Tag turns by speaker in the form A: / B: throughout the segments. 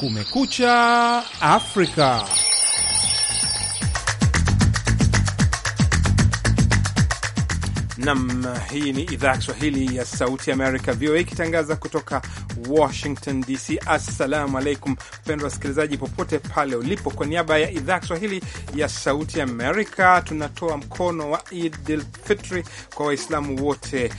A: Kumekucha Afrika. Nam, hii ni idhaa ya Kiswahili ya Sauti Amerika, VOA, ikitangaza kutoka Washington DC. Assalamu alaikum, mpendwa wasikilizaji popote pale ulipo. Kwa niaba ya idhaa ya Kiswahili ya Sauti Amerika, tunatoa mkono wa Idil Fitri kwa Waislamu wote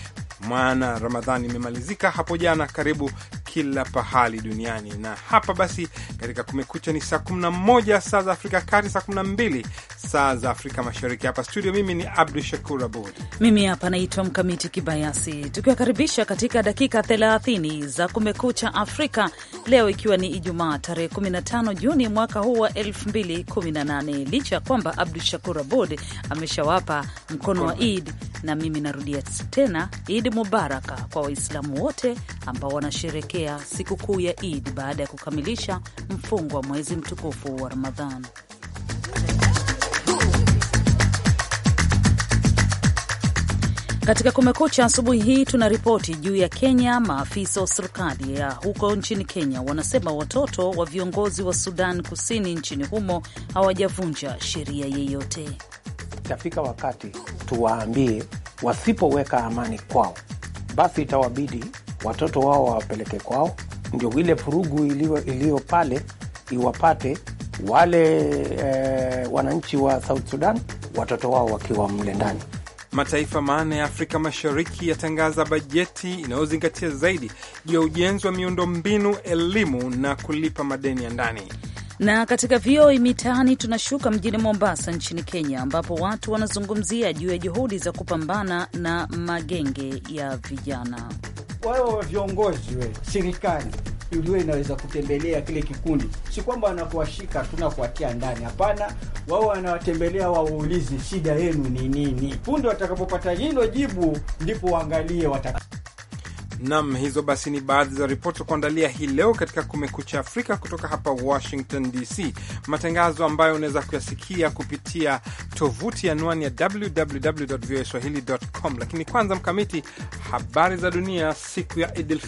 A: maana Ramadhani imemalizika hapo jana. Karibu kila pahali duniani. Na hapa basi katika Kumekucha ni saa 11 saa za Afrika Kati, saa 12 saa za Afrika Mashariki. Hapa studio, mimi ni Abdu Shakur Abud,
B: mimi hapa naitwa Mkamiti Kibayasi, tukiwakaribisha katika dakika 30 za Kumekucha Afrika leo, ikiwa ni Ijumaa tarehe 15 Juni mwaka huu wa 2018 licha ya kwamba Abdu Shakur Abud ameshawapa mkono wa Id, na mimi narudia tena Id mubaraka kwa Waislamu wote ambao wanasherekea kusherekea sikukuu ya Eid baada ya kukamilisha mfungo wa mwezi mtukufu wa Ramadhan. Katika Kumekucha asubuhi hii tuna ripoti juu ya Kenya. Maafisa wa serikali ya huko nchini Kenya wanasema watoto wa viongozi wa Sudan Kusini nchini humo hawajavunja sheria yeyote. Itafika wakati
C: tuwaambie, wasipoweka amani kwao, basi itawabidi watoto wao wawapeleke kwao, ndio ile vurugu iliyo pale iwapate wale e, wananchi wa South Sudan, watoto wao wakiwa mle ndani.
A: Mataifa manne ya Afrika Mashariki yatangaza bajeti inayozingatia zaidi juu ya ujenzi wa miundombinu, elimu na kulipa madeni ya ndani.
B: Na katika vioi mitaani, tunashuka mjini Mombasa nchini Kenya, ambapo watu wanazungumzia juu ya juhudi za kupambana na magenge ya vijana
D: wao viongozi we serikali ndio inaweza kutembelea kile kikundi, si kwamba wanakuwashika tuna kuwatia ndani, hapana. Wao wanawatembelea waulize shida yenu ni nini. Punde watakapopata hilo jibu, ndipo waangalie wataka
A: Nam, hizo basi ni baadhi za ripoti za kuandalia hii leo katika Kumekucha Afrika kutoka hapa Washington DC, matangazo ambayo unaweza kuyasikia kupitia tovuti ya anwani ya www voa swahili com. Lakini kwanza, Mkamiti, habari za dunia siku ya Idil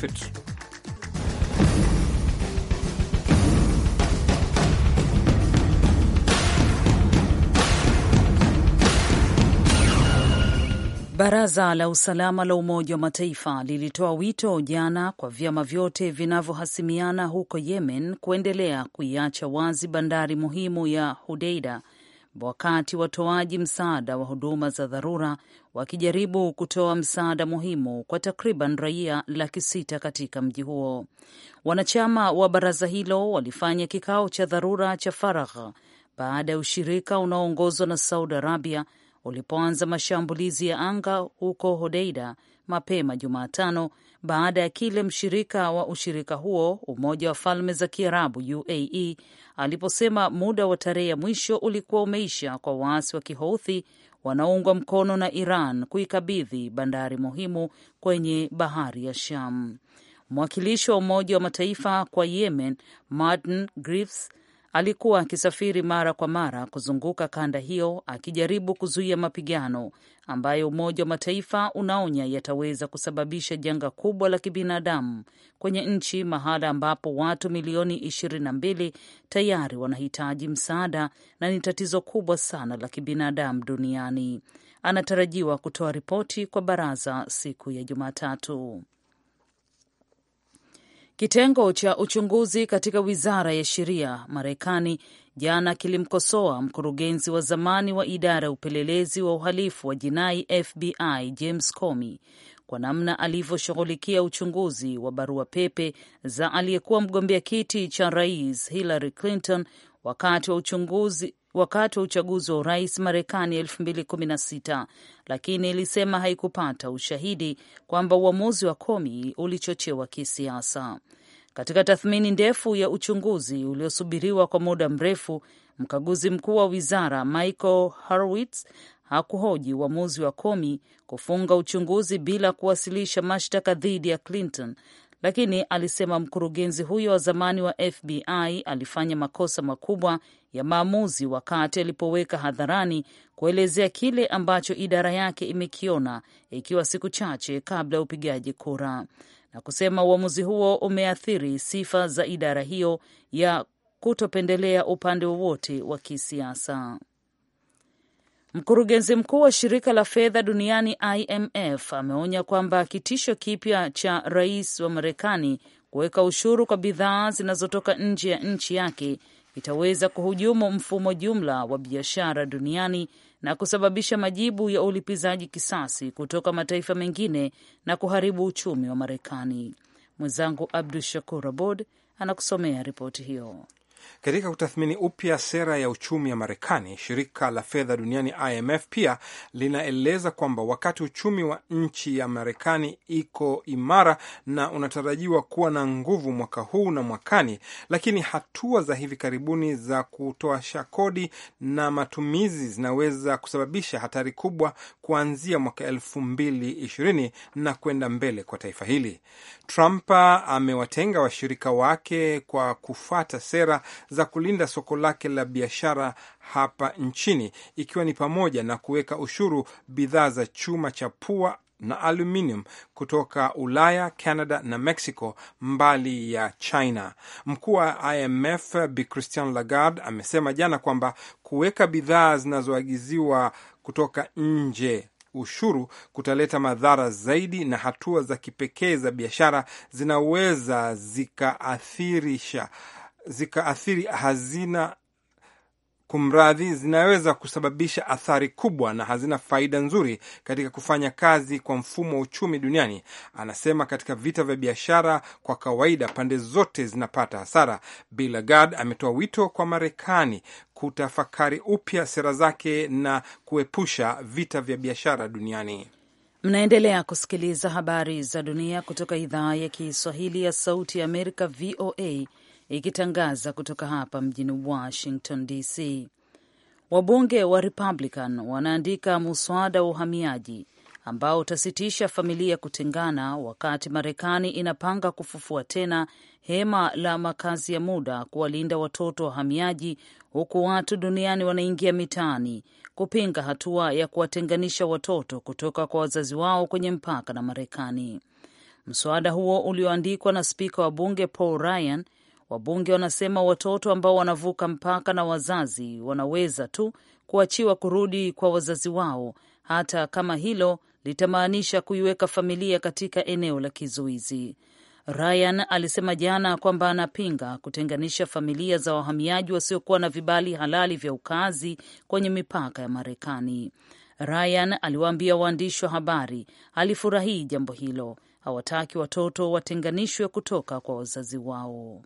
B: Baraza la usalama la Umoja wa Mataifa lilitoa wito jana kwa vyama vyote vinavyohasimiana huko Yemen kuendelea kuiacha wazi bandari muhimu ya hudeida wakati watoaji msaada wa huduma za dharura wakijaribu kutoa msaada muhimu kwa takriban raia laki sita katika mji huo. Wanachama wa baraza hilo walifanya kikao cha dharura cha faragha baada ya ushirika unaoongozwa na Saudi Arabia ulipoanza mashambulizi ya anga huko Hodeida mapema Jumatano baada ya kile mshirika wa ushirika huo Umoja wa Falme za Kiarabu UAE aliposema muda wa tarehe ya mwisho ulikuwa umeisha kwa waasi wa Kihouthi wanaoungwa mkono na Iran kuikabidhi bandari muhimu kwenye bahari ya Sham. Mwakilishi wa Umoja wa Mataifa kwa Yemen Martin Griffiths alikuwa akisafiri mara kwa mara kuzunguka kanda hiyo akijaribu kuzuia mapigano ambayo Umoja wa Mataifa unaonya yataweza kusababisha janga kubwa la kibinadamu kwenye nchi, mahala ambapo watu milioni ishirini na mbili tayari wanahitaji msaada na ni tatizo kubwa sana la kibinadamu duniani. Anatarajiwa kutoa ripoti kwa baraza siku ya Jumatatu. Kitengo cha uchunguzi katika wizara ya sheria Marekani jana kilimkosoa mkurugenzi wa zamani wa idara ya upelelezi wa uhalifu wa jinai FBI James Comey kwa namna alivyoshughulikia uchunguzi wa barua pepe za aliyekuwa mgombea kiti cha rais Hillary Clinton wakati wa uchunguzi wakati wa uchaguzi wa urais Marekani 2016 lakini ilisema haikupata ushahidi kwamba uamuzi wa Komi ulichochewa kisiasa. Katika tathmini ndefu ya uchunguzi uliosubiriwa kwa muda mrefu, mkaguzi mkuu wa wizara Michael Horowitz hakuhoji uamuzi wa Komi kufunga uchunguzi bila kuwasilisha mashtaka dhidi ya Clinton, lakini alisema mkurugenzi huyo wa zamani wa FBI alifanya makosa makubwa ya maamuzi wakati alipoweka hadharani kuelezea kile ambacho idara yake imekiona ikiwa siku chache kabla ya upigaji kura, na kusema uamuzi huo umeathiri sifa za idara hiyo ya kutopendelea upande wowote wa kisiasa. Mkurugenzi mkuu wa shirika la fedha duniani IMF ameonya kwamba kitisho kipya cha rais wa Marekani kuweka ushuru kwa bidhaa zinazotoka nje ya nchi yake itaweza kuhujumu mfumo jumla wa biashara duniani na kusababisha majibu ya ulipizaji kisasi kutoka mataifa mengine na kuharibu uchumi wa Marekani. Mwenzangu Abdu Shakur Abod anakusomea ripoti hiyo
A: katika kutathmini upya sera ya uchumi ya Marekani. Shirika la fedha duniani IMF pia linaeleza kwamba wakati uchumi wa nchi ya Marekani iko imara na unatarajiwa kuwa na nguvu mwaka huu na mwakani, lakini hatua za hivi karibuni za kutoasha kodi na matumizi zinaweza kusababisha hatari kubwa kuanzia mwaka elfu mbili ishirini na kwenda mbele kwa taifa hili. Trump amewatenga washirika wake kwa kufuata sera za kulinda soko lake la biashara hapa nchini, ikiwa ni pamoja na kuweka ushuru bidhaa za chuma cha pua na aluminium kutoka Ulaya, Canada na Mexico, mbali ya China. Mkuu wa IMF Bi Christian Lagarde amesema jana kwamba kuweka bidhaa zinazoagiziwa kutoka nje ushuru kutaleta madhara zaidi, na hatua za kipekee za biashara zinaweza zikaathiri hazina kumradhi, zinaweza kusababisha athari kubwa na hazina faida nzuri katika kufanya kazi kwa mfumo wa uchumi duniani, anasema. Katika vita vya biashara, kwa kawaida pande zote zinapata hasara. Bi Lagarde ametoa wito kwa Marekani kutafakari upya sera zake na kuepusha vita vya biashara duniani.
B: Mnaendelea kusikiliza habari za dunia kutoka idhaa ya Kiswahili ya Sauti ya Amerika, VOA, ikitangaza kutoka hapa mjini Washington DC. Wabunge wa Republican wanaandika muswada wa uhamiaji ambao utasitisha familia kutengana wakati Marekani inapanga kufufua tena hema la makazi ya muda kuwalinda watoto wahamiaji, huku watu duniani wanaingia mitaani kupinga hatua ya kuwatenganisha watoto kutoka kwa wazazi wao kwenye mpaka na Marekani. Mswada huo ulioandikwa na spika wa bunge Paul Ryan Wabunge wanasema watoto ambao wanavuka mpaka na wazazi wanaweza tu kuachiwa kurudi kwa wazazi wao, hata kama hilo litamaanisha kuiweka familia katika eneo la kizuizi. Ryan alisema jana kwamba anapinga kutenganisha familia za wahamiaji wasiokuwa na vibali halali vya ukaazi kwenye mipaka ya Marekani. Ryan aliwaambia waandishi wa habari alifurahii jambo hilo, hawataki watoto watenganishwe kutoka kwa wazazi wao.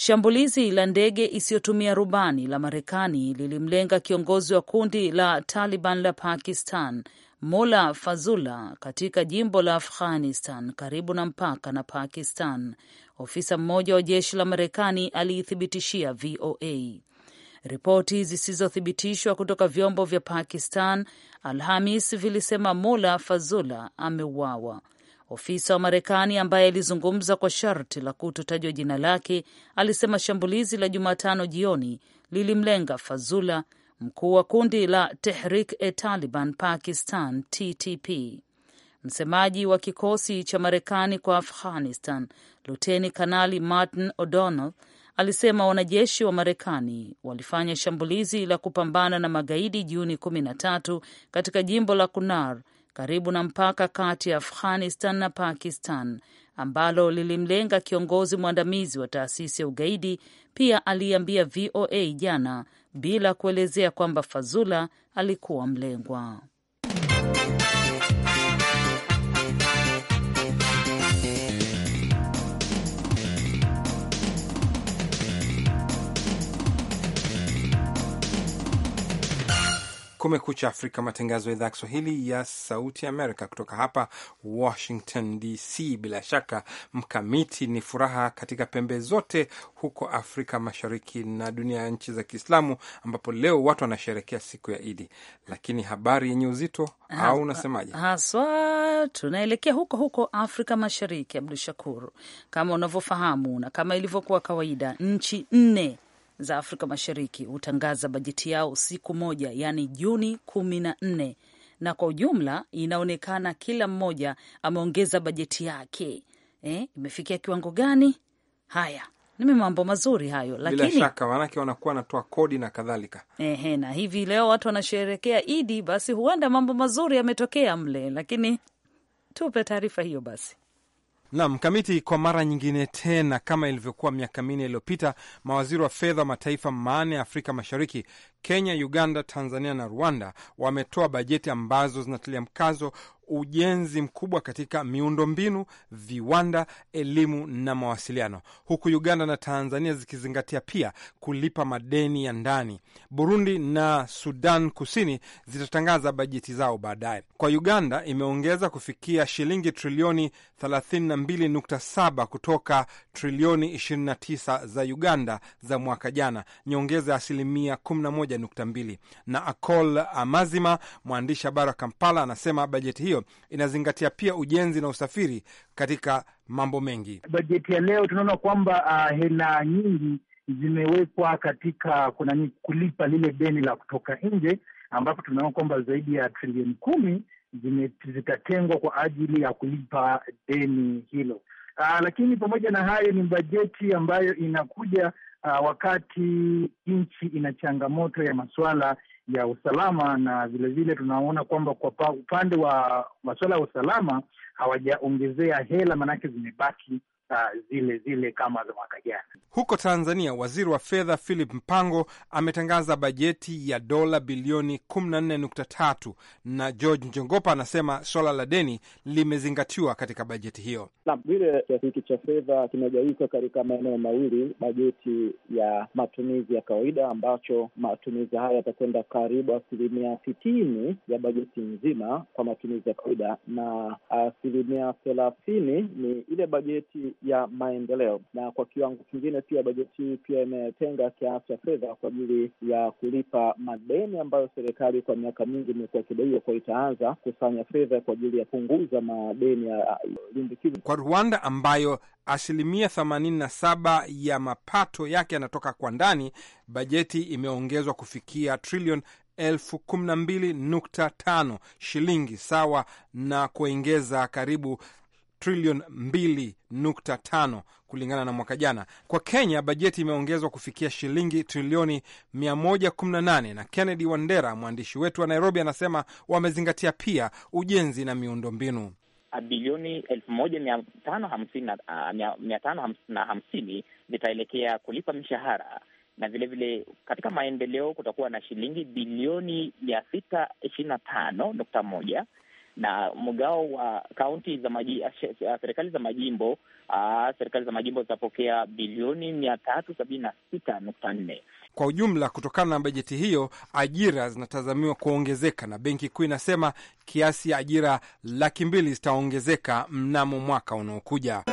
B: Shambulizi la ndege isiyotumia rubani la Marekani lilimlenga kiongozi wa kundi la Taliban la Pakistan Mula Fazula katika jimbo la Afghanistan karibu na mpaka na Pakistan, ofisa mmoja wa jeshi la Marekani aliithibitishia VOA. Ripoti zisizothibitishwa kutoka vyombo vya Pakistan Alhamis vilisema Mula Fazula ameuawa. Ofisa wa Marekani ambaye alizungumza kwa sharti la kutotajwa jina lake alisema shambulizi la Jumatano jioni lilimlenga Fazula, mkuu wa kundi la Tehrik e Taliban Pakistan TTP. Msemaji wa kikosi cha Marekani kwa Afghanistan, Luteni Kanali Martin O'Donnell alisema wanajeshi wa Marekani walifanya shambulizi la kupambana na magaidi Juni kumi na tatu katika jimbo la Kunar karibu na mpaka kati ya Afghanistan na Pakistan ambalo lilimlenga kiongozi mwandamizi wa taasisi ya ugaidi. Pia aliambia VOA jana bila kuelezea kwamba Fazula alikuwa mlengwa.
A: Kumekucha Afrika, matangazo ya idhaa ya Kiswahili ya Sauti Amerika kutoka hapa Washington DC. Bila shaka mkamiti ni furaha katika pembe zote huko Afrika Mashariki na dunia ya nchi za Kiislamu, ambapo leo watu wanasherekea siku ya Idi. Lakini habari yenye uzito au unasemaje
B: haswa, tunaelekea huko huko Afrika Mashariki, Abdu Shakur, kama unavyofahamu na kama ilivyokuwa kawaida, nchi nne za Afrika Mashariki hutangaza bajeti yao siku moja, yaani Juni kumi na nne, na kwa ujumla inaonekana kila mmoja ameongeza bajeti yake. Eh, imefikia kiwango gani? Haya ni mambo mazuri hayo, lakini bila shaka
A: maanake wanakuwa wanatoa kodi na kadhalika.
B: Ehe, na hivi leo watu wanasherekea Idi, basi huenda mambo mazuri yametokea mle, lakini tupe taarifa hiyo basi
A: nam mkamiti kwa mara nyingine tena, kama ilivyokuwa miaka minne iliyopita, mawaziri wa fedha wa mataifa manne ya Afrika Mashariki, Kenya, Uganda, Tanzania na Rwanda, wametoa bajeti ambazo zinatilia mkazo ujenzi mkubwa katika miundombinu, viwanda, elimu na mawasiliano, huku Uganda na Tanzania zikizingatia pia kulipa madeni ya ndani. Burundi na Sudan Kusini zitatangaza bajeti zao baadaye. Kwa Uganda imeongeza kufikia shilingi trilioni 32.7 kutoka trilioni 29 za Uganda za mwaka jana, nyongeza ya asilimia 11.2. Na Akol Amazima, mwandishi habari wa Kampala, anasema bajeti hiyo hiyo inazingatia pia ujenzi na usafiri katika mambo mengi. Bajeti ya leo
E: tunaona kwamba uh, hela nyingi zimewekwa katika kuna kulipa lile deni la kutoka nje, ambapo tunaona kwamba zaidi ya trilioni kumi zitatengwa kwa ajili ya kulipa deni hilo. Aa, uh, lakini pamoja na hayo ni bajeti ambayo inakuja uh, wakati nchi ina changamoto ya masuala ya usalama na vilevile vile tunaona kwamba kwa upande wa masuala ya usalama hawajaongezea hela, maanake zimebaki uh, zile
C: zile kama za mwaka jana.
A: Huko Tanzania, waziri wa fedha Philip Mpango ametangaza bajeti ya dola bilioni kumi na nne nukta tatu na George Njongopa anasema swala la deni limezingatiwa katika bajeti hiyo.
D: Naam, vile kiasi hiki cha fedha kimegawika katika maeneo mawili, bajeti ya matumizi ya kawaida ambacho matumizi haya yatakwenda karibu asilimia sitini ya bajeti nzima kwa matumizi ya kawaida na asilimia thelathini ni ile bajeti ya maendeleo. Na kwa kiwango kingine pia bajeti hii pia imetenga kiasi cha fedha kwa ajili ya kulipa madeni ambayo serikali kwa miaka mingi imekuwa ikidaiwa, kwa itaanza kusanya fedha kwa
A: ajili ya punguza madeni ya lindikizo kwa Rwanda ambayo asilimia themanini na saba ya mapato yake yanatoka kwa ndani. Bajeti imeongezwa kufikia trilioni elfu kumi na mbili nukta tano shilingi sawa na kuongeza karibu trilioni tano kulingana na mwaka jana. Kwa Kenya, bajeti imeongezwa kufikia shilingi trilioni kumi na Kennedy Wandera, mwandishi wetu wa Nairobi, anasema wamezingatia pia ujenzi na miundombinu
F: bilioni elfu moja mia tano hamsini na hamsini zitaelekea kulipa mishahara na vilevile vile, katika maendeleo kutakuwa na shilingi bilioni mia sita ishirini na tano nukta moja na mgao wa kaunti za maji, eh, serikali za majimbo aa, ah, serikali za majimbo zitapokea bilioni mia tatu sabini na sita nukta nne
A: kwa ujumla. Kutokana na bajeti hiyo, ajira zinatazamiwa kuongezeka, na Benki Kuu inasema kiasi ya ajira laki mbili zitaongezeka mnamo mwaka unaokuja.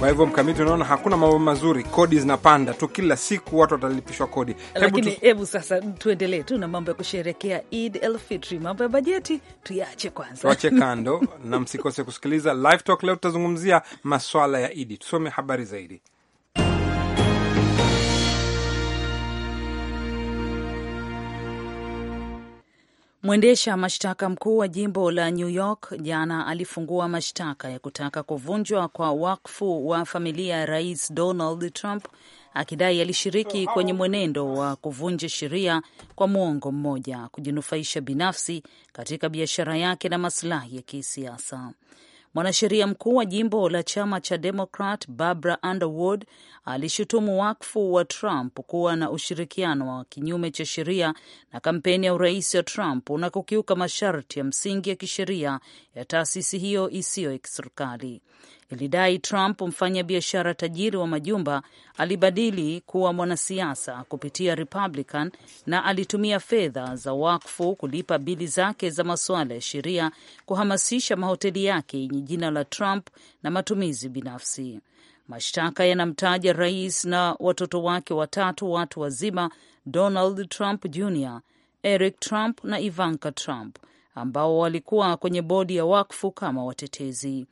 A: Kwa hivyo mkamiti, unaona hakuna mambo mazuri, kodi zinapanda tu kila siku, watu watalipishwa kodi. Lakini
B: hebu tu... sasa tuendelee tu na mambo ya kusherekea Eid el Fitri. Mambo ya bajeti tuyaache kwanza, tuache
A: kando na msikose kusikiliza Live Talk. Leo tutazungumzia maswala ya Idi. Tusome habari zaidi.
B: Mwendesha mashtaka mkuu wa jimbo la New York jana alifungua mashtaka ya kutaka kuvunjwa kwa wakfu wa familia ya Rais Donald Trump akidai alishiriki kwenye mwenendo wa kuvunja sheria kwa muongo mmoja kujinufaisha binafsi katika biashara yake na masilahi ya kisiasa. Mwanasheria mkuu wa jimbo la chama cha Demokrat Barbara Underwood alishutumu wakfu wa Trump kuwa na ushirikiano wa kinyume cha sheria na kampeni ya urais wa Trump na kukiuka masharti ya msingi ya kisheria ya taasisi hiyo isiyo ya kiserikali ilidai Trump, mfanya biashara tajiri wa majumba, alibadili kuwa mwanasiasa kupitia Republican na alitumia fedha za wakfu kulipa bili zake za masuala ya sheria, kuhamasisha mahoteli yake yenye jina la Trump na matumizi binafsi. Mashtaka yanamtaja rais na watoto wake watatu watu wazima, Donald Trump Jr, Eric Trump na Ivanka Trump ambao walikuwa kwenye bodi ya wakfu kama watetezi.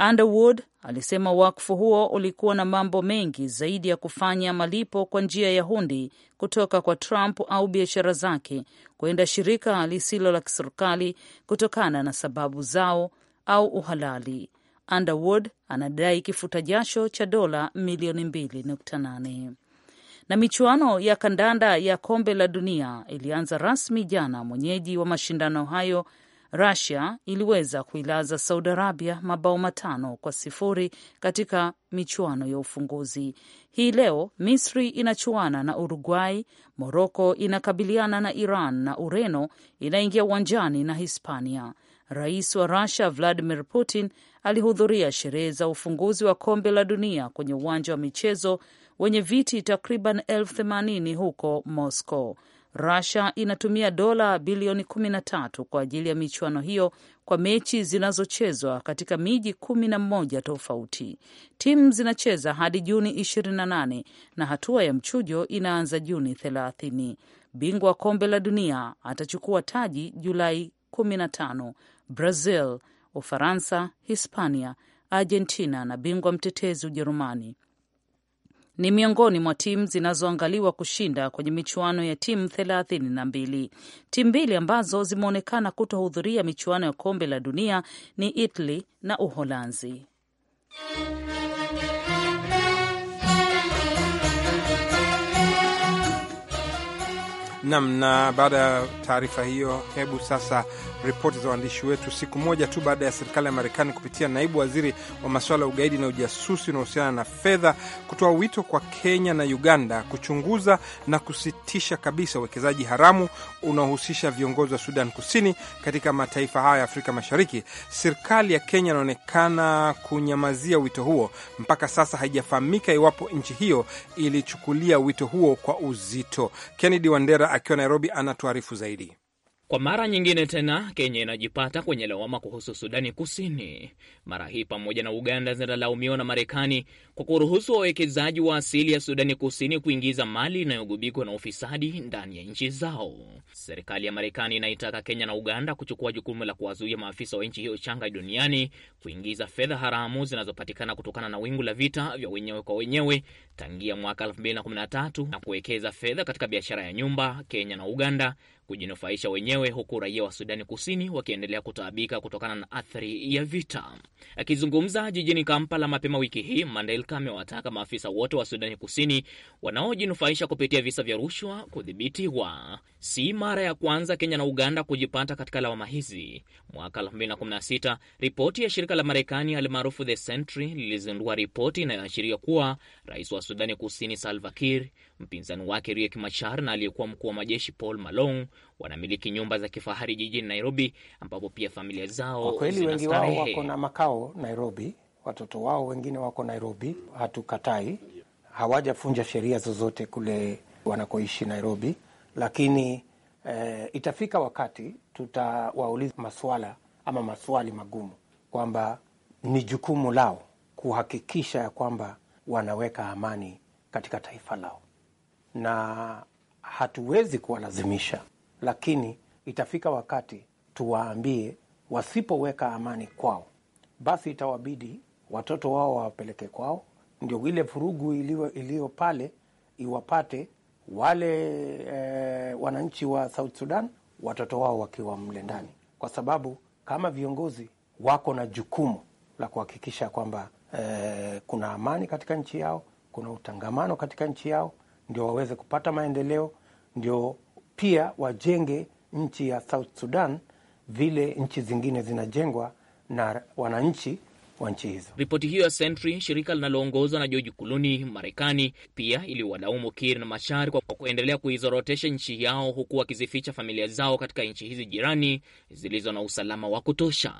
B: Underwood alisema wakfu huo ulikuwa na mambo mengi zaidi ya kufanya malipo kwa njia ya hundi kutoka kwa Trump au biashara zake kwenda shirika lisilo la kiserikali kutokana na sababu zao au uhalali. Underwood anadai kifuta jasho cha dola milioni 2.8. Na michuano ya kandanda ya kombe la dunia ilianza rasmi jana, mwenyeji wa mashindano hayo Russia iliweza kuilaza Saudi Arabia mabao matano kwa sifuri katika michuano ya ufunguzi. Hii leo Misri inachuana na Uruguay, Moroko inakabiliana na Iran na Ureno inaingia uwanjani na Hispania. Rais wa Russia Vladimir Putin alihudhuria sherehe za ufunguzi wa kombe la dunia kwenye uwanja wa michezo wenye viti takriban elfu themanini huko Moscow. Russia inatumia dola bilioni 13 kwa ajili ya michuano hiyo kwa mechi zinazochezwa katika miji kumi na mmoja tofauti. Timu zinacheza hadi Juni 28 na hatua ya mchujo inaanza Juni 30. Bingwa kombe la dunia atachukua taji Julai 15. Brazil, Ufaransa, Hispania, Argentina na bingwa mtetezi Ujerumani ni miongoni mwa timu zinazoangaliwa kushinda kwenye michuano ya timu thelathini na mbili. Timu mbili ambazo zimeonekana kutohudhuria michuano ya kombe la dunia ni Italy na Uholanzi.
A: Nam, na baada ya taarifa hiyo, hebu sasa ripoti za waandishi wetu, siku moja tu baada ya serikali ya Marekani kupitia naibu waziri wa masuala ya ugaidi na ujasusi unaohusiana na fedha kutoa wito kwa Kenya na Uganda kuchunguza na kusitisha kabisa uwekezaji haramu unaohusisha viongozi wa Sudan Kusini katika mataifa haya ya Afrika Mashariki. Serikali ya Kenya inaonekana kunyamazia wito huo. Mpaka sasa haijafahamika iwapo nchi hiyo ilichukulia wito huo kwa uzito. Kennedy Wandera akiwa Nairobi anatuarifu zaidi.
F: Kwa mara nyingine tena Kenya inajipata kwenye lawama kuhusu Sudani Kusini. Mara hii pamoja na Uganda zinalaumiwa na Marekani kwa kuruhusu wawekezaji wa asili ya Sudani Kusini kuingiza mali inayogubikwa na ufisadi ndani ya nchi zao. Serikali ya Marekani inaitaka Kenya na Uganda kuchukua jukumu la kuwazuia maafisa wa nchi hiyo changa duniani kuingiza fedha haramu zinazopatikana kutokana na wingu la vita vya wenyewe kwa wenyewe tangia mwaka 2013 na kuwekeza fedha katika biashara ya nyumba Kenya na Uganda kujinufaisha wenyewe, huku raia wa Sudani Kusini wakiendelea kutaabika kutokana na athari ya vita. Akizungumza jijini Kampala mapema wiki hii, mandelka amewataka maafisa wote wa Sudani Kusini wanaojinufaisha kupitia visa vya rushwa kudhibitiwa. Si mara ya kwanza Kenya na Uganda kujipata katika lawama hizi. Mwaka 2016 ripoti ya shirika la Marekani almaarufu The Sentry lilizindua ripoti inayoashiria kuwa rais wa Sudani Kusini Salva Kiir Mpinzani wake Riek Machar na aliyekuwa mkuu wa majeshi Paul Malong wanamiliki nyumba za kifahari jijini Nairobi, ambapo pia familia zao kwa kweli wengi wao wako na
C: makao Nairobi, watoto wao wengine wako Nairobi. Hatukatai, hawajafunja sheria zozote kule wanakoishi Nairobi, lakini eh, itafika wakati tutawauliza maswala ama maswali magumu kwamba ni jukumu lao kuhakikisha ya kwamba wanaweka amani katika taifa lao na hatuwezi kuwalazimisha, lakini itafika wakati tuwaambie wasipoweka amani kwao, basi itawabidi watoto wao wawapeleke kwao, ndio ile vurugu iliyo pale iwapate wale e, wananchi wa South Sudan, watoto wao wakiwa mle ndani, kwa sababu kama viongozi wako na jukumu la kuhakikisha kwamba e, kuna amani katika nchi yao, kuna utangamano katika nchi yao ndio waweze kupata maendeleo, ndio pia wajenge nchi ya South Sudan vile nchi zingine zinajengwa na wananchi wa nchi hizo.
F: Ripoti hiyo ya Sentry, shirika linaloongozwa na George Kuluni Marekani, pia iliwalaumu Kir na Machar kwa kuendelea kuizorotesha nchi yao huku wakizificha familia zao katika nchi hizi jirani zilizo na usalama wa kutosha.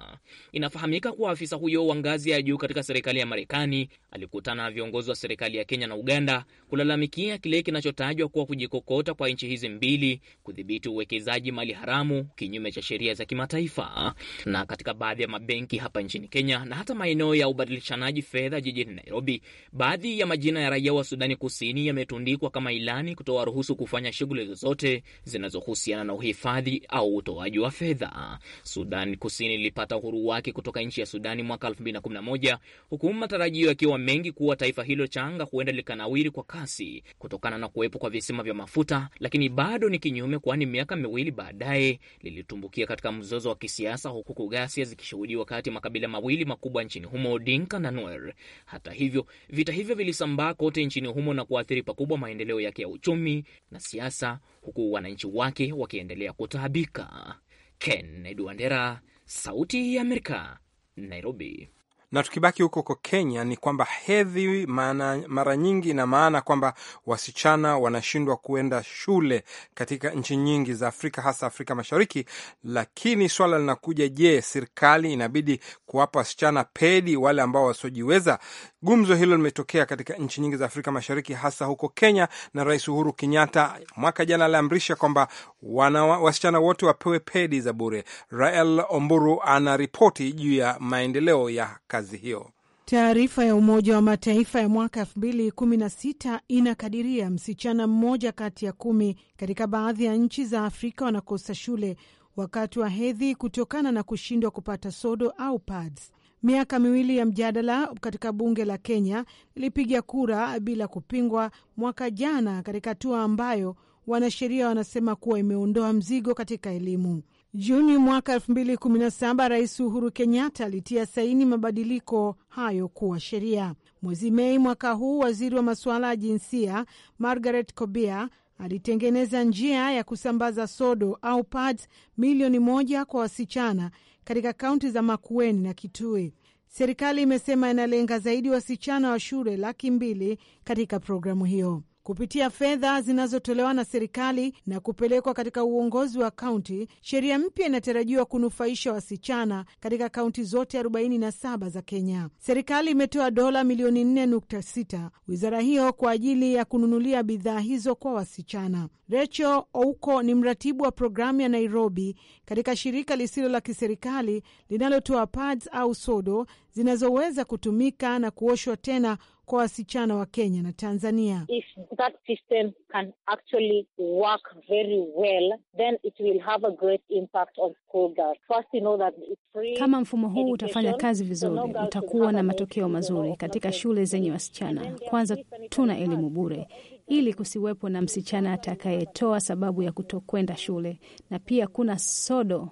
F: Inafahamika kuwa afisa huyo wa ngazi ya juu katika serikali ya Marekani alikutana na viongozi wa serikali ya Kenya na Uganda kulalamikia kile kinachotajwa kuwa kujikokota kwa nchi hizi mbili kudhibiti uwekezaji mali haramu kinyume cha sheria za kimataifa na katika baadhi ya mabenki hapa nchini Kenya na hata maeneo ya ubadilishanaji fedha jijini Nairobi. Baadhi ya majina ya raia wa Sudani Kusini yametundikwa kama ilani kutoa ruhusu kufanya shughuli zozote zinazohusiana na uhifadhi au utoaji wa fedha. Sudani Kusini ilipata uhuru wake kutoka nchi ya Sudani mwaka 2011 huku matarajio yakiwa mengi kuwa taifa hilo changa huenda likanawiri kwa kasi kutokana na kuwepo kwa visima vya mafuta, lakini bado ni kinyume, kwani miaka miwili baadaye lilitumbukia katika mzozo wa kisiasa, huku ghasia zikishuhudiwa kati ya makabila mawili makubwa nchi nchini humo Odinga na Noel. Hata hivyo, vita hivyo vilisambaa kote nchini humo na kuathiri pakubwa maendeleo yake ya uchumi na siasa, huku wananchi wake wakiendelea kutaabika. Ken Edwandera, Sauti ya Amerika, Nairobi.
A: Na tukibaki huko kwa Kenya ni kwamba hedhi maana, mara nyingi ina maana kwamba wasichana wanashindwa kuenda shule katika nchi nyingi za Afrika, hasa Afrika Mashariki. Lakini swala linakuja, je, serikali inabidi kuwapa wasichana pedi wale ambao wasiojiweza? Gumzo hilo limetokea katika nchi nyingi za Afrika Mashariki, hasa huko Kenya, na Rais Uhuru Kenyatta mwaka jana aliamrisha kwamba wasichana wote wapewe pedi za bure. Rael Omburu anaripoti juu ya maendeleo ya kazi hiyo.
G: Taarifa ya Umoja wa Mataifa ya mwaka 2016 inakadiria msichana mmoja kati ya kumi katika baadhi ya nchi za Afrika wanakosa shule wakati wa hedhi kutokana na kushindwa kupata sodo au pads. Miaka miwili ya mjadala katika bunge la Kenya ilipiga kura bila kupingwa mwaka jana, katika hatua ambayo wanasheria wanasema kuwa imeondoa mzigo katika elimu. Juni mwaka 2017 Rais Uhuru Kenyatta alitia saini mabadiliko hayo kuwa sheria. Mwezi Mei mwaka huu, waziri wa masuala ya jinsia Margaret Kobia alitengeneza njia ya kusambaza sodo au pads milioni moja kwa wasichana katika kaunti za Makueni na Kitui. Serikali imesema inalenga zaidi wasichana wa shule laki mbili katika programu hiyo kupitia fedha zinazotolewa na serikali na kupelekwa katika uongozi wa kaunti. Sheria mpya inatarajiwa kunufaisha wasichana katika kaunti zote 47 za Kenya. Serikali imetoa dola milioni 4.6 wizara hiyo kwa ajili ya kununulia bidhaa hizo kwa wasichana. Rachel Ouko ni mratibu wa programu ya Nairobi katika shirika lisilo la kiserikali linalotoa pads au sodo zinazoweza kutumika na kuoshwa tena kwa wasichana wa Kenya na Tanzania.
B: If that system can actually work very well, then it will have a great impact on school girls. First, you know that it's free. Kama mfumo huu utafanya kazi vizuri, utakuwa na matokeo mazuri katika shule zenye wasichana. Kwanza tuna elimu bure ili kusiwepo na msichana atakayetoa sababu ya kutokwenda shule, na pia kuna sodo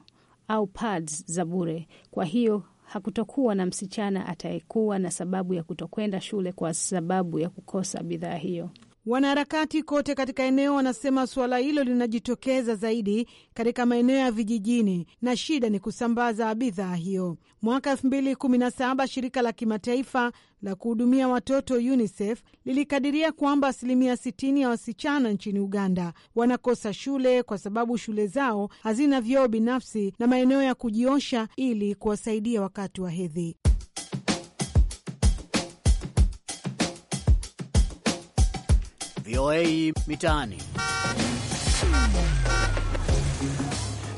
B: au pads za bure, kwa hiyo hakutokuwa na msichana atayekuwa na sababu ya kutokwenda shule kwa sababu ya kukosa bidhaa hiyo.
G: Wanaharakati kote katika eneo wanasema suala hilo linajitokeza zaidi katika maeneo ya vijijini na shida ni kusambaza bidhaa hiyo. Mwaka 2017 shirika la kimataifa la kuhudumia watoto UNICEF lilikadiria kwamba asilimia 60 ya wasichana nchini Uganda wanakosa shule kwa sababu shule zao hazina vyoo binafsi na maeneo ya kujiosha ili kuwasaidia wakati wa hedhi.
A: VOA Mitaani.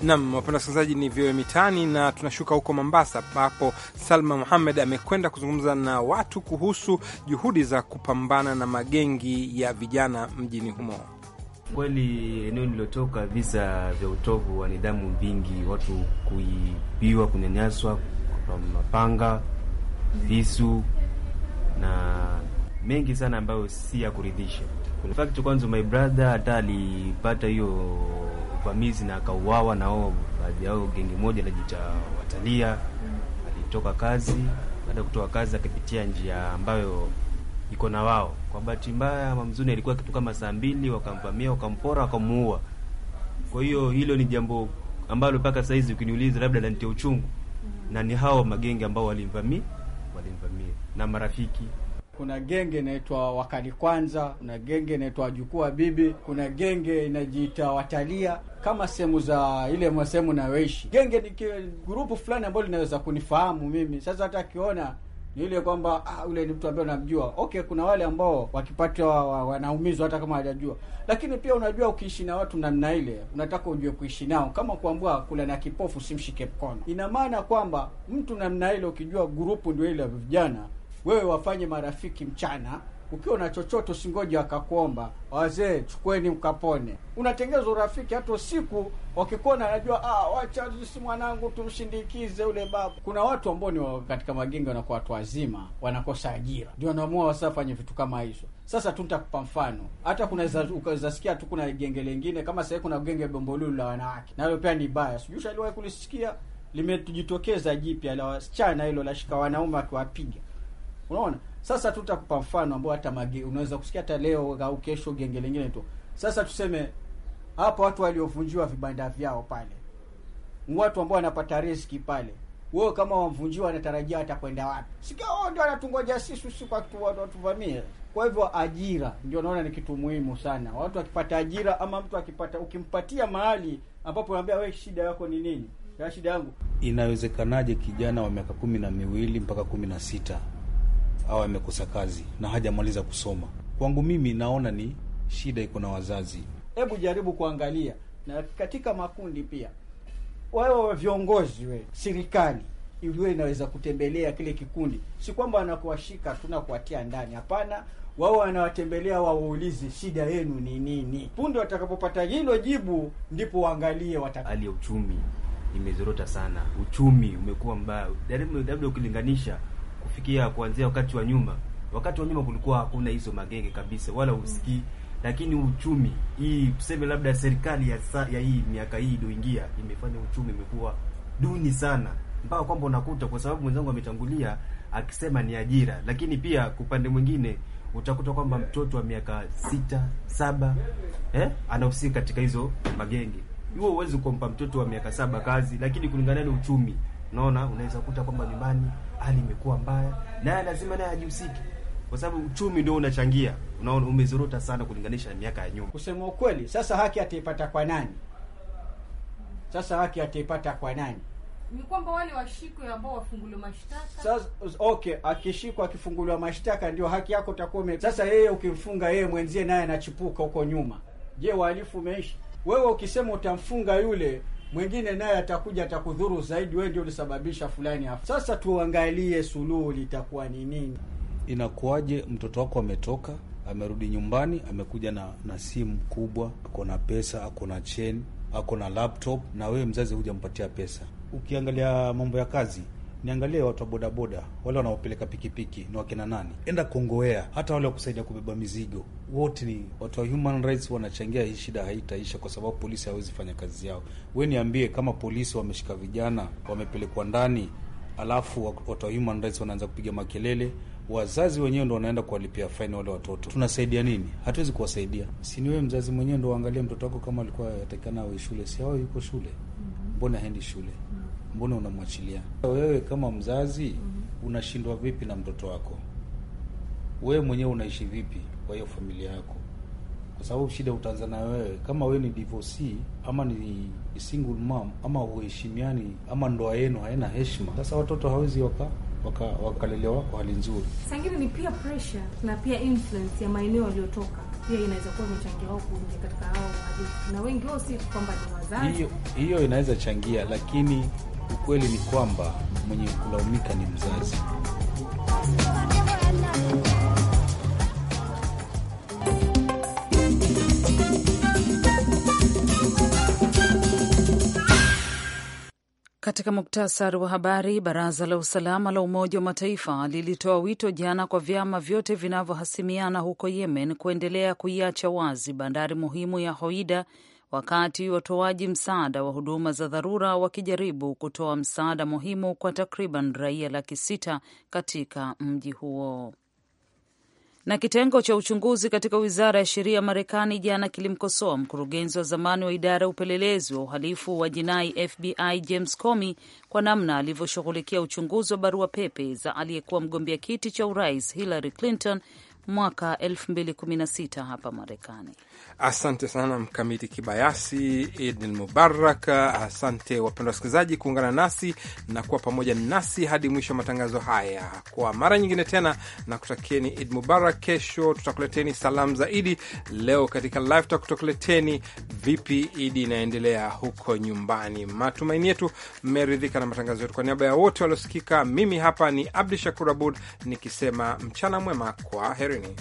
A: Nam, wapenda wasikilizaji, ni VOA Mitaani na tunashuka huko Mombasa, ambapo Salma Muhamed amekwenda kuzungumza na watu kuhusu juhudi za kupambana na magengi ya vijana mjini humo.
H: Kweli eneo lililotoka visa vya utovu wa nidhamu vingi, watu kuibiwa, kunyanyaswa kwa mapanga, visu na mengi sana ambayo si ya kuridhisha. In fact, kwanza my brother hata alipata hiyo uvamizi na akauawa, nao baadhi yao gengi moja jita watalia, alitoka kazi. Baada ya kutoka kazi, akapitia njia ambayo iko na wao. Kwa bahati mbaya ama mzuri, alikuwa kitu kama saa mbili, wakamvamia, wakampora, wakamuua. Kwa hiyo hilo ni jambo ambalo mpaka saa hizi ukiniuliza, labda lanitia uchungu, na ni hao magenge ambao walimvamia, walimvamia na marafiki
D: kuna genge inaitwa Wakali Kwanza, kuna genge inaitwa Wajukuu wa Bibi, kuna genge inajiita Watalia, kama sehemu za ile sehemu nayoishi. Genge ni grupu fulani ambayo linaweza kunifahamu mimi. Sasa hata akiona ni ile kwamba ah, ule ni mtu ambaye unamjua. Okay, kuna wale ambao wakipata wanaumizwa hata kama hawajajua, lakini pia unajua, ukiishi na watu namna ile unataka ujue kuishi nao, kama kuambua kula na kipofu simshike mkono. Ina maana kwamba mtu namna ile ukijua grupu ndio ile vijana wewe wafanye marafiki mchana ukiwa na chochote usingoje wakakuomba, wazee chukweni mkapone. Unatengeza urafiki hata usiku wakikuona, anajua ah, wacha sisi mwanangu tumshindikize ule baba. Kuna watu ambao ni katika magenge wanakuwa watu wazima, wanakosa ajira, ndio wanaamua wasafanye vitu kama hizo. Sasa tu nitakupa mfano, hata kuna ukazasikia tu, kuna genge lingine kama sahii, kuna genge Bombolulu la wanawake, nalo pia ni baya, sijui shaliwahi kulisikia, limetujitokeza jipya la wasichana, hilo lashika wanaume akiwapiga Unaona, sasa tutakupa mfano ambao hata magi unaweza kusikia hata leo au kesho genge lingine tu. Sasa tuseme hapo watu waliovunjiwa vibanda vyao pale, ni watu ambao wanapata riski pale wewe kama wamvunjiwa, anatarajia atakwenda wapi? Sikia wao ndio wanatungoja sisi, sisi kwa kitu watu watuvamie. Kwa hivyo ajira ndio naona ni kitu muhimu sana. Watu akipata ajira ama mtu akipata, ukimpatia mahali ambapo unaambia wewe shida yako ni nini, ya shida yangu,
E: inawezekanaje kijana wa miaka kumi na miwili mpaka kumi na sita au amekosa kazi na hajamaliza kusoma. Kwangu mimi naona ni shida iko na wazazi.
D: Hebu jaribu kuangalia na katika makundi pia, wa viongozi, we serikali iliwe inaweza kutembelea kile kikundi, si kwamba wanakuwashika tuna kuwatia ndani, hapana. Wao wanawatembelea wawaulize, shida yenu ni nini? Punde watakapopata hilo jibu, ndipo waangalie wata... hali ya uchumi
H: imezorota sana, uchumi umekuwa mbaya, labda ukilinganisha kufikia kuanzia wakati wa nyuma. Wakati wa nyuma kulikuwa hakuna hizo magenge kabisa, wala mm. usikii mm. Lakini uchumi hii tuseme, labda serikali ya, sa, ya hii miaka hii iliyoingia imefanya uchumi imekuwa duni sana, mpaka kwamba unakuta, kwa sababu mwenzangu ametangulia akisema ni ajira, lakini pia kwa upande mwingine utakuta kwamba mtoto wa miaka sita saba eh, anahusika katika hizo magenge. Huo huwezi kumpa mtoto wa miaka saba kazi, lakini kulingana na uchumi, unaona unaweza kuta kwamba nyumbani hali imekuwa mbaya, naye lazima naye ajihusike kwa sababu uchumi ndio unachangia.
D: Unaona umezorota sana kulinganisha na miaka ya nyuma. Kusema ukweli, sasa haki ataipata kwa nani? Sasa haki ataipata kwa nani?
G: Ni kwamba wale washikwe ambao wafunguliwa
B: mashtaka.
D: Sasa okay, akishikwa akifunguliwa mashtaka ndio haki yako utakuwa ume. Sasa yeye ukimfunga yeye mwenzie naye anachipuka huko nyuma. Je, wahalifu umeishi? Wewe ukisema utamfunga yule mwingine naye atakuja atakudhuru zaidi, wewe ndio ulisababisha fulani hapo. Sasa tuangalie suluhu litakuwa ni nini.
E: Inakuwaje mtoto wako ametoka amerudi nyumbani, amekuja na, na simu kubwa, ako na pesa, ako na cheni, ako na laptop, na wewe mzazi hujampatia pesa. Ukiangalia mambo ya kazi niangalie watu wa bodaboda wale wanaopeleka pikipiki ni wakina nani? Enda Kongowea, hata wale wakusaidia kubeba mizigo, wote ni watu wa human rights, wanachangia. Hii shida haitaisha kwa sababu polisi hawezi fanya kazi yao. We niambie, kama polisi wameshika vijana wamepelekwa ndani, alafu watu wa human rights wanaanza kupiga makelele wazazi wenyewe ndo wanaenda kuwalipia faini wale watoto, tunasaidia nini? Hatuwezi kuwasaidia. Si ni wewe mzazi mwenyewe ndo waangalie mtoto wako, kama alikuwa atakikana awe shule, si awe yuko shule? Mbona mm -hmm. haendi shule? mbona unamwachilia? Wewe kama mzazi mhm. unashindwa vipi na mtoto wako? Wewe mwenyewe unaishi vipi kwa hiyo familia yako? Kwa sababu shida utaanza na wewe. Kama wewe ni divorcee ama ni single mom ama uheshimiani ama ndoa yenu haina heshima, sasa watoto hawezi waka waka wakalelewa kwa hali nzuri.
B: Sangine ni pia pressure na pia influence
G: ya maeneo waliotoka pia inaweza kuwa imechangia wao kuingia katika hao, na wengi wao si kwamba ni
B: wazazi. Hiyo
E: hiyo inaweza changia, lakini Ukweli ni kwamba mwenye kulaumika ni mzazi.
B: Katika muktasari wa habari, baraza la usalama la Umoja wa Mataifa lilitoa wito jana kwa vyama vyote vinavyohasimiana huko Yemen kuendelea kuiacha wazi bandari muhimu ya Hoida wakati watoaji msaada wa huduma za dharura wakijaribu kutoa msaada muhimu kwa takriban raia laki sita katika mji huo. Na kitengo cha uchunguzi katika wizara ya sheria ya Marekani jana kilimkosoa mkurugenzi wa zamani wa idara ya upelelezi wa uhalifu wa jinai FBI James Comey kwa namna alivyoshughulikia uchunguzi wa barua pepe za aliyekuwa mgombea kiti cha urais Hillary Clinton mwaka 2016 hapa Marekani.
A: Asante sana Mkamiti Kibayasi, Idil Mubarak. Asante wapendwa wasikilizaji kuungana nasi na kuwa pamoja nasi hadi mwisho wa matangazo haya kwa mara nyingine tena, na kutakieni Id Mubarak. Kesho tutakuleteni salamu za Idi. Leo katika live tutakuleteni vipi Idi inaendelea huko nyumbani. Matumaini yetu mmeridhika na matangazo yetu. Kwa niaba ya wote waliosikika, mimi hapa ni Abdu Shakur Abud nikisema mchana mwema, kwa heri. journey.